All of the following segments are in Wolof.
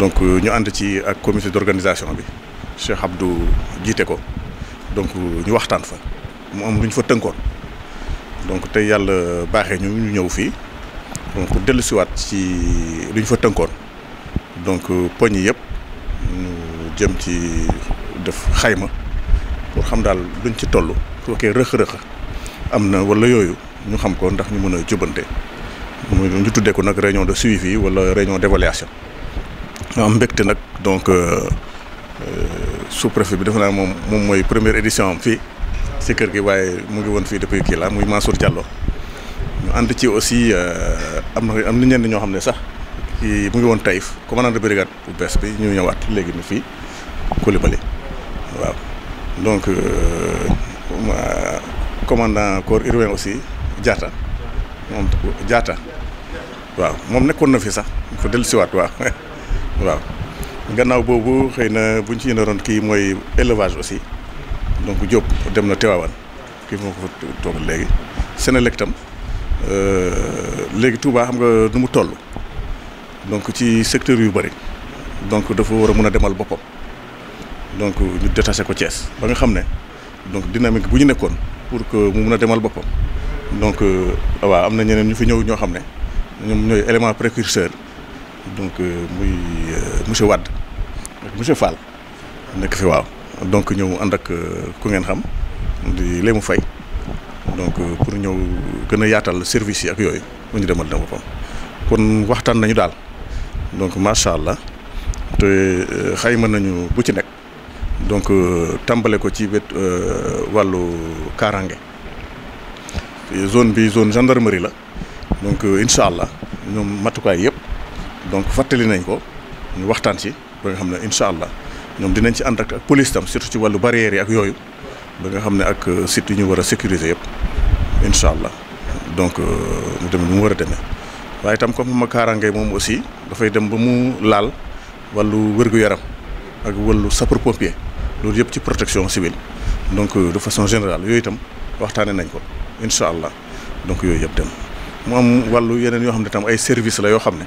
donc euh, nous avons ci comité d'organisation Cheikh Abdou Nous ko donc nous euh, waxtan fa mu am Nous fa teunkon donc tay yalla baxé ñu ñu ñëw donc ci fa donc nous euh, avons ñu jëm ci pour xam dal luñ ci tollu wala réunion de suivi wala réunion d'évaluation am mbégte nag donc euh, euh, sous-préfet bi dafa naa moom moom mooy première édition am fii si kër gi waaye mu ngi woon fii depuis kii la muy Mansour Diallo ñu ànd ci aussi euh, am na am na ñenn ñoo xam ne sax kii mu ngi woon Taïf commandant de brigade bu bees bi ñu ñëwaat léegi ni fii Koulibaly waaw donc commandant corps urbain aussi Diatta moom Diatta waaw moom nekkoon na fi sax ko fa dellusiwaat waaw waaw gannaaw boobu xëy na bu ñu ci naroon kii mooy élevage aussi donc Diop dem na Tivaouane kii moo ko fa toogal léegi Senelec tam euh, léegi Touba xam nga nu mu toll donc ci secteur yu bëri donc dafa war a mën a demal boppam donc ñu détaché ko Thiès ba nga xam ne donc dynamique bu ñu nekkoon pour que mu mën a demal boppam donc euh, waaw am na ñeneen ñu fi ñëw ñoo xam ne ñoom ñooy élément précurseur donc euh, muy euh, monsieur Wade ak monsieur Fall nekk fi waaw donc ñëw ànd ak euh, ku ngeen xam di Lému Faye donc pour ñëw gën a yaatal service yi ak yooyu mu ñu demal dina boppam kon waxtaan nañu daal donc macha allah te xayma nañu bu ci nekk donc tàmbale ko ci wet wàllu karangé, zone bi zone gendarmerie la donc incha allah ñoom matukaay yëpp. donc fàttali nañ ko ñu waxtaan si ba nga xam ne incha allah ñoom dinañ ci ànd ak ak police tam surtout ci wàllu barrières yi ak yooyu ba nga xam ne ak euh, site yi ñu war a sécuriser yëpp incha allah donc euh, mu demee mu war a demee waaye itam comme ma kaaraange moom aussi dafay dem ba mu laal wàllu wér yaram ak wàllu sapeur pompier loolu yëpp ci protection civile donc euh, de façon générale yooyu itam waxtaanee nañ ko incha allah donc yooyu yëpp dem mu am wàllu yeneen yoo xam ne tam ay service la yoo xam ne.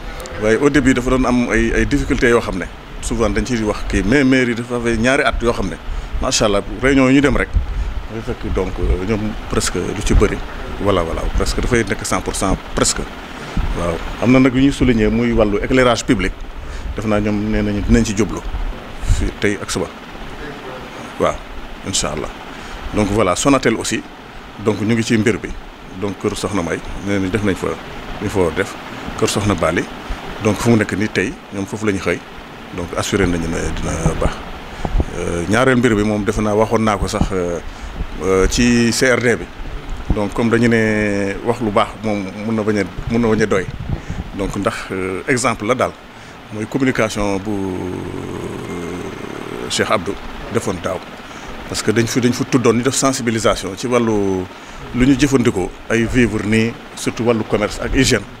waaye au début dafa doon am ay ay difficultés yoo xam ne souvent dañ ciy wax ki mais maire yi dafa ñaari at yoo xam ne macha allah réunion yi ñu dem rek dafay fekk donc euh, ñoom presque lu ci bëri voilà voilà presque dafay nekk cent pour cent presque waaw am na nag yu ñuy souligner muy wàllu éclairage public def naa ñoom nee nañu dinañ ci jublu fii tey ak suba waaw incha allah donc voilà Sonatel aussi donc ñu ngi ci mbir bi donc kër Soxna May nee nañ def nañ fa il faut def kër Soxna Bali donc fu mu nekk nii tey ñoom foofu la ñu xëy donc assuré nañu ne dina baax euh, ñaareel mbir bi moom defe naa waxoon naa ko sax euh, euh, ci CRD bi donc comme dañu ne wax lu baax moom mun na bañ a mun na bañ a doy donc ndax exemple la daal mooy communication bu Cheikh Abdou defoon daaw parce que dañ fi dañ fa tuddoon ñu def sensibilisation ci wàllu lu ñu jëfandikoo ay vivre nii surtout wàllu commerce ak hygiène.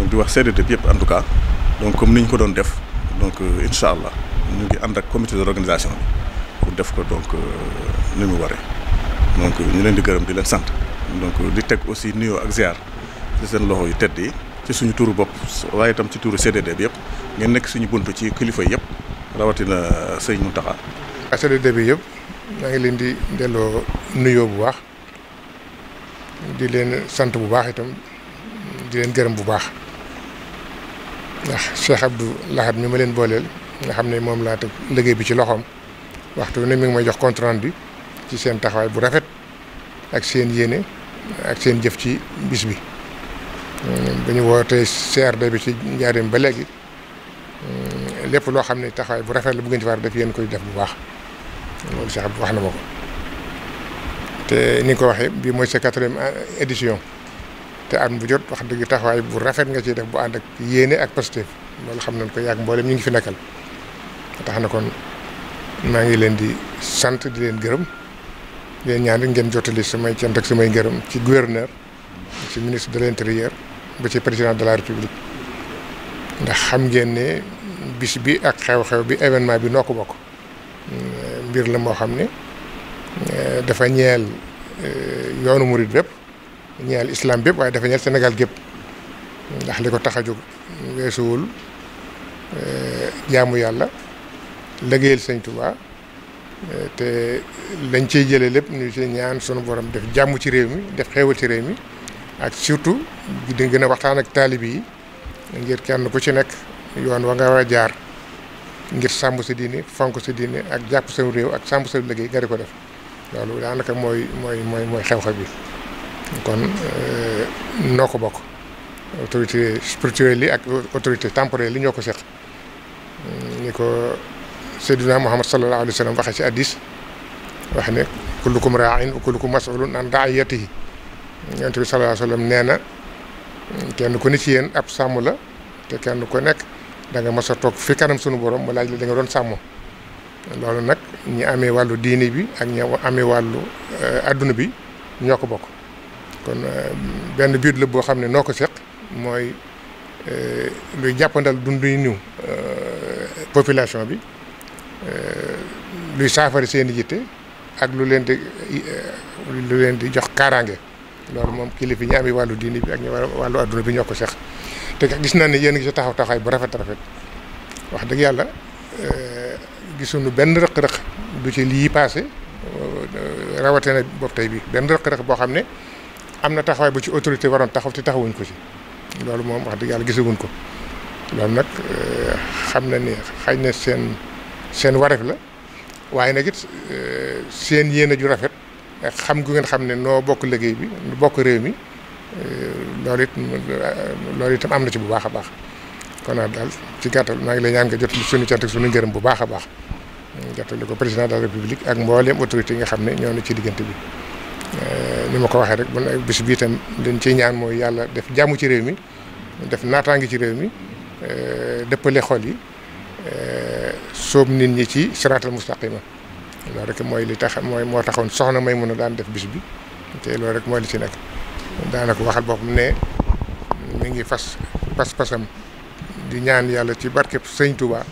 donc di wax CDD bi yëpp en tout cas donc comme ni ñu ko doon def donc euh, incha allah ñu ngi ànd ak comité de l'organisation bi pour def ko donc euh, ni mu waree donc euh, ñu leen di gërëm di leen sant donc di teg aussi nuyoo ak ziar ci seen loxo yu tedd yi ci suñu tuuru bopp waaye itam ci turu CDD bi yëpp ngeen nekk suñu buntu ci kilifa yëpp rawatina sëñ Mountakha. CDD bi yëpp maa ngi leen di delloo nuyoo bu baax di leen sant bu baax itam di leen gërëm bu baax. ndax Cheikh Abdou Lahad mi ma leen booleel nga xam ne moom laa teg liggéey bi ci loxoom waxtu ne mi ngi may jox compte bi ci seen taxawaay bu rafet ak seen yéene ak seen jëf ci bis bi. Hmm, ba ñu wootee CRD bi ci njaareem ba léegi hmm, lépp loo xam ne taxawaay bu rafet la bu ngeen ci war def yéen koy def bu baax loolu Cheikh Abdou wax na ma ko te ni nga ko waxee bii mooy sa quatrième euh, édition. te am bu jot wax deug taxaway bu rafet nga ci def bu and ak yene ak positif loolu xam nañ ko yàgg mboolem ñu ngi fi nekkal tax na kon ma ngi leen di sante di leen gërëm di leen ñaan ngeen jotali sama cant ak sama gërëm ci gouverneur ci ministre de l'intérieur ba ci président de la république ndax xam ngeen ne bis bi ak xew-xew bi événement bi noko ko bokk mbir la mo xamne eh, dafa ñeel eh, yoonu mouride bépp ñeel islam bépp waaye dafa ñeel Sénégal gépp ndax li ko tax a jóg weesuwul eh, jaamu yàlla liggéeyal sëñ Tuubaa eh, te lañ ciy jëlee lépp ñu ci ñaan sunu borom def jàmm ci réew mi def xéewal ci mi ak surtout di gën a waxtaan ak taalibe yi ngir kenn ku ci nekk yoon wa nga war a jaar ngir sàmm sa diine fonk sa ak jàpp sa réew ak sàmm sa liggéey nga ko def loolu daanaka mooy mooy mooy mooy xew-xew kon euh, noo ko bokk autorité spirituelle yi ak autorité temporelle yi ñoo ko seq ni ko Seydina Muhammad sallallahu alayhi wa sallam waxee ci addis wax ne kullukum raain wa kullukum masulun an raayatihi yonent bi sallallahu alayhi wa sallam nee na kenn ku ne ci yéen ab sàmm la te kenn ko nekk danga nga a toog fi kanam sunu borom mu laaj la da nga doon sàmm loolu nag ñi amee wàllu diini bi ak ñi amee wàllu euh, adduna bi ñoo ko bokk kon euh, benn biir la boo xam ne noo ko seq mooy euh, luy jàppandal dunduy niw euh, population bi luy saafara seeni yitte ak lu leen di lu leen di jox kaaraange loolu moom kilifa ñi amee wàllu diini bi ak ñu wàllu adduna bi ñoo ko seq te gis na ni yéen ngi ci taxaw taxawaay bu rafet rafet wax dëgg yàlla gisuñu benn rëq-rëq du ci lii passé rawatina boobu tey bi benn rëq-rëq boo xam ne. am na taxawaay bu ci autorité waroon taxaw te taxawuñ ko ci loolu moom wax dëgg yàlla gisaguñ ko loolu nag euh, xam na ni xëy na seen seen wareef la waaye nag it euh, seen yéene ju rafet xam gu ngeen xam ne noo bokk liggéey bi nu bokk réew mi euh, loolu it loolu itam am na ci bu baax a baax kon nag daal ci gàttal maa ngi lay ñaan nga jot suñu cant ak suñu ngërëm bu baax a baax gàttal ko président de la république ak mbooleem autorité yi nga xam ne ñoo ne ci diggante bi ni ma ko waxee rek man bés bi itam liñ ciy ñaan mooy yàlla def jàmm ci réew mi def naataange ci réew mi dëppale xol yi soob nit ñi ci siraatal mustaqima loolu rek mooy li tax mooy moo taxoon soxna may mën a daan def bis bi te loolu rek mooy li ci nekk daanaka waxal boppam ne mi ngi fas pas-pasam di ñaan yàlla ci barkeb sëñ Touba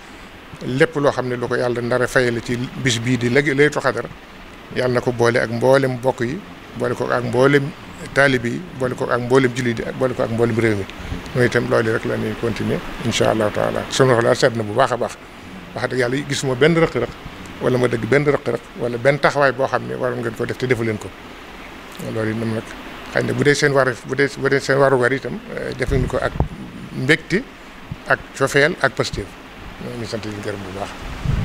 lépp loo xam ne lu ko yàlla ndara fayale ci bis bii di léegi lay toxadar yàlla na ko boole ak mboolem mbokk yi boole ko ak mboolem taalib yi boole ko ak mboolem jullit yi boole ko ak mboolem réew mi mooy itam loolu rek la ñuy continuer incha allahu taala sunu xol seet na bu baax a baax wax dëgg yàlla gisuma benn rëq-rëq wala ma dëgg benn rëq-rëq wala benn taxawaay boo xam ne waroon ngeen ko def te defu leen ko loolu itam nag xëy ne bu dee seen war bu dee bu dee seen warugar itam eh, def nañu ko ak mbégte ak cofeel ak positif ñoo ngi sant di gërëm bu baax.